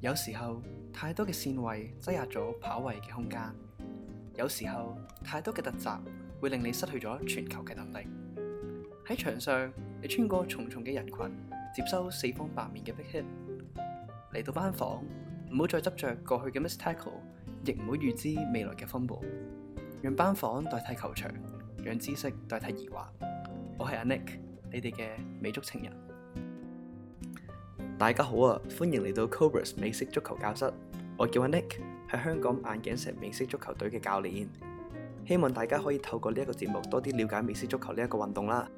有時候太多嘅線位擠壓咗跑位嘅空間，有時候太多嘅突襲會令你失去咗傳球嘅能力。喺場上，你穿過重重嘅人群，接收四方八面嘅逼 hit。嚟到班房，唔好再執着過去嘅 mistake，亦唔好預知未來嘅風暴。讓班房代替球場，讓知識代替疑惑。我係阿 Nick，你哋嘅美足情人。大家好啊，歡迎嚟到 Cobras 美式足球教室，我叫阿 Nick，係香港眼鏡蛇美式足球隊嘅教練，希望大家可以透過呢一個節目多啲了解美式足球呢一個運動啦。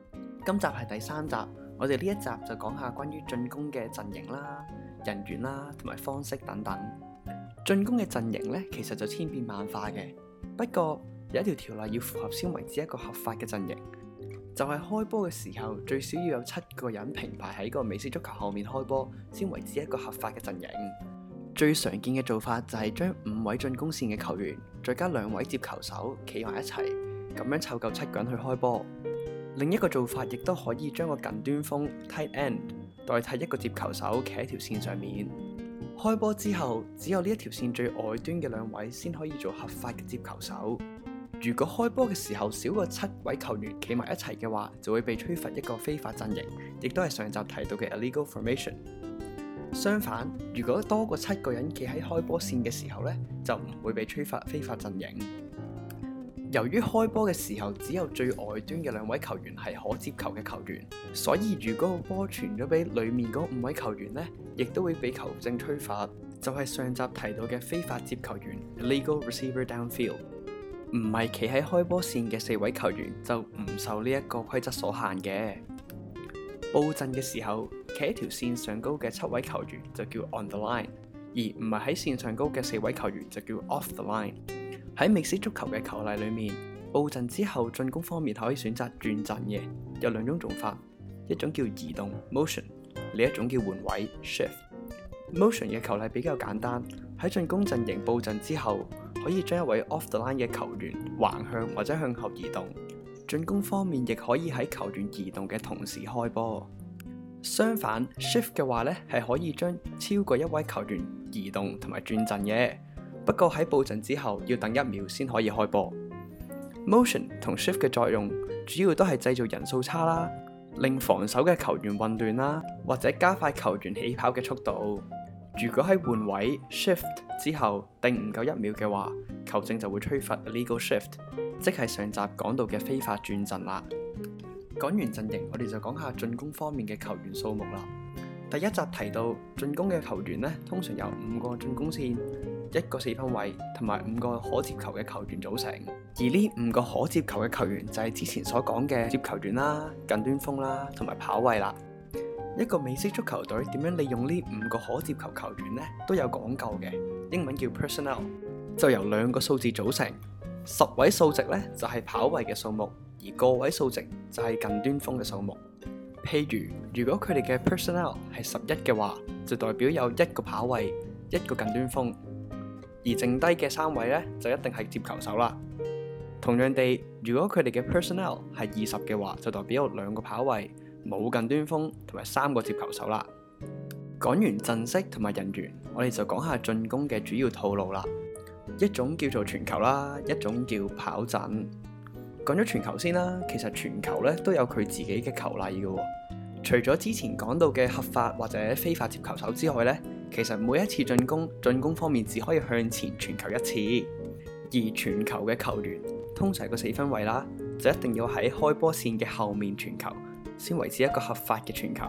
今集係第三集，我哋呢一集就講下關於進攻嘅陣型啦、人員啦同埋方式等等。進攻嘅陣型呢，其實就千變萬化嘅，不過有一條條例要符合先為之一個合法嘅陣型。就係、是、開波嘅時候，最少要有七個人平排喺個美式足球後面開波，先為之一個合法嘅陣型。最常見嘅做法就係將五位進攻線嘅球員，再加兩位接球手企埋一齊，咁樣湊夠七個人去開波。另一個做法亦都可以將個近端鋒 （tight end） 代替一個接球手，企喺條線上面。開波之後，只有呢一條線最外端嘅兩位先可以做合法嘅接球手。如果開波嘅時候少過七位球員企埋一齊嘅話，就會被吹罰一個非法陣型，亦都係上集提到嘅 illegal formation。相反，如果多過七個人企喺開波線嘅時候呢，就唔會被吹罰非法陣型。由於開波嘅時候只有最外端嘅兩位球員係可接球嘅球員，所以如果個波傳咗俾裡面嗰五位球員呢，亦都會被球證吹罰，就係上集提到嘅非法接球員 illegal receiver downfield。唔係企喺開波線嘅四位球員就唔受呢一個規則所限嘅。佈陣嘅時候，企喺條線上高嘅七位球員就叫 on the line，而唔係喺線上高嘅四位球員就叫 off the line。喺美式足球嘅球例裏面，佈陣之後進攻方面可以選擇轉陣嘅，有兩種做法，一種叫移動 motion，另一種叫換位 shift。motion 嘅球例比較簡單，喺進攻陣形佈陣之後，可以將一位 off the line 嘅球員橫向或者向後移動。進攻方面亦可以喺球員移動嘅同時開波。相反，shift 嘅話呢係可以將超過一位球員移動同埋轉陣嘅。不過喺佈陣之後要等一秒先可以開波。Motion 同 shift 嘅作用主要都係製造人數差啦，令防守嘅球員混亂啦，或者加快球員起跑嘅速度。如果喺換位 shift 之後定唔夠一秒嘅話，球證就會吹罰 illegal shift，即係上集講到嘅非法轉陣啦。講完陣型，我哋就講下進攻方面嘅球員數目啦。第一集提到進攻嘅球員呢，通常由五個進攻線、一個四分衛同埋五個可接球嘅球員組成。而呢五個可接球嘅球員就係之前所講嘅接球員啦、近端鋒啦同埋跑衛啦。一個美式足球隊點樣利用呢五個可接球球員呢？都有講究嘅。英文叫 personnel，就由兩個數字組成。十位數值呢，就係跑位嘅數目，而個位數值就係近端鋒嘅數目。譬如如果佢哋嘅 personnel 係十一嘅話，就代表有一個跑位，一個近端鋒，而剩低嘅三位呢，就一定係接球手啦。同樣地，如果佢哋嘅 personnel 係二十嘅話，就代表有兩個跑位。冇近端鋒同埋三個接球手啦。講完陣式同埋人員，我哋就講下進攻嘅主要套路啦。一種叫做傳球啦，一種叫跑陣。講咗傳球先啦，其實傳球咧都有佢自己嘅球例噶。除咗之前講到嘅合法或者非法接球手之外呢，其實每一次進攻進攻方面只可以向前傳球一次。而傳球嘅球員通常係個四分位啦，就一定要喺開波線嘅後面傳球，先維持一個合法嘅傳球。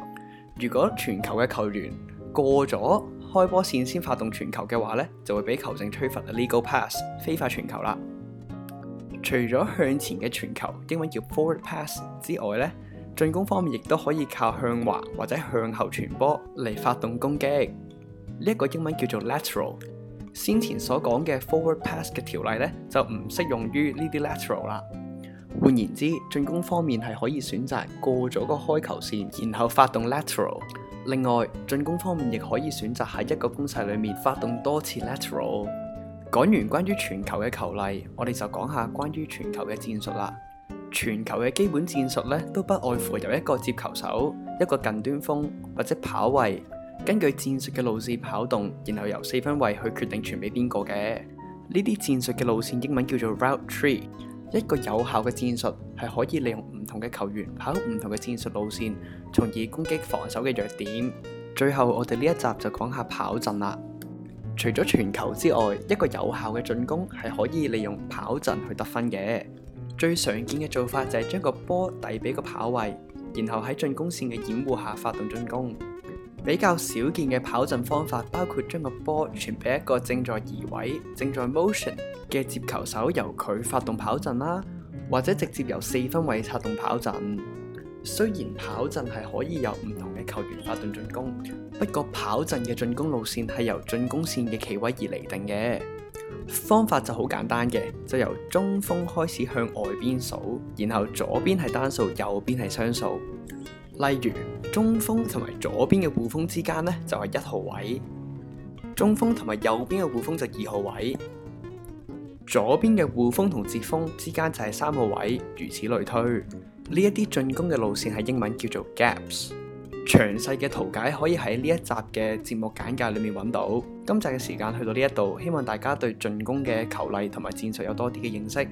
如果傳球嘅球員過咗開波線先發動傳球嘅話呢，就會俾球證吹罰 illegal pass，非法傳球啦。除咗向前嘅傳球英文叫 forward pass 之外呢，進攻方面亦都可以靠向橫或者向後傳波嚟發動攻擊。呢、這、一個英文叫做 lateral。先前所講嘅 forward pass 嘅條例呢，就唔適用於呢啲 lateral 啦。換言之，進攻方面係可以選擇過咗個開球線，然後發動 lateral。另外，進攻方面亦可以選擇喺一個攻勢裏面發動多次 lateral。講完關於傳球嘅球例，我哋就講下關於傳球嘅戰術啦。傳球嘅基本戰術咧，都不外乎由一個接球手、一個近端鋒或者跑衛，根據戰術嘅路線跑動，然後由四分衛去決定傳俾邊個嘅。呢啲戰術嘅路線英文叫做 route tree。一個有效嘅戰術係可以利用唔同嘅球員跑唔同嘅戰術路線，從而攻擊防守嘅弱點。最後我哋呢一集就講下跑陣啦。除咗傳球之外，一個有效嘅進攻係可以利用跑陣去得分嘅。最常見嘅做法就係將個波遞俾個跑位，然後喺進攻線嘅掩護下發動進攻。比較少見嘅跑陣方法包括將個波傳俾一個正在移位、正在 motion 嘅接球手，由佢發動跑陣啦，或者直接由四分位策動跑陣。雖然跑陣係可以由唔同嘅球員發動進攻，不過跑陣嘅進攻路線係由進攻線嘅企位而嚟定嘅。方法就好簡單嘅，就由中鋒開始向外邊數，然後左邊係單數，右邊係雙數。例如。中鋒同埋左邊嘅護鋒之間呢，就係一號位，中鋒同埋右邊嘅護鋒就二號位，左邊嘅護鋒同接鋒之間就係三號位，如此類推。呢一啲進攻嘅路線係英文叫做 Gaps。詳細嘅圖解可以喺呢一集嘅節目簡介裏面揾到。今集嘅時間去到呢一度，希望大家對進攻嘅球例同埋戰術有多啲嘅認識。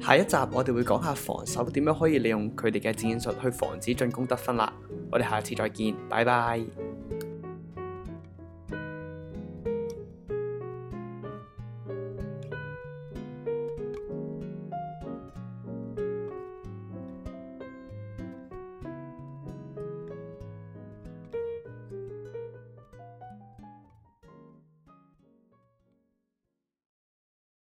下一集我哋會講下防守點樣可以利用佢哋嘅戰術去防止進攻得分啦。我哋下次再見，拜拜。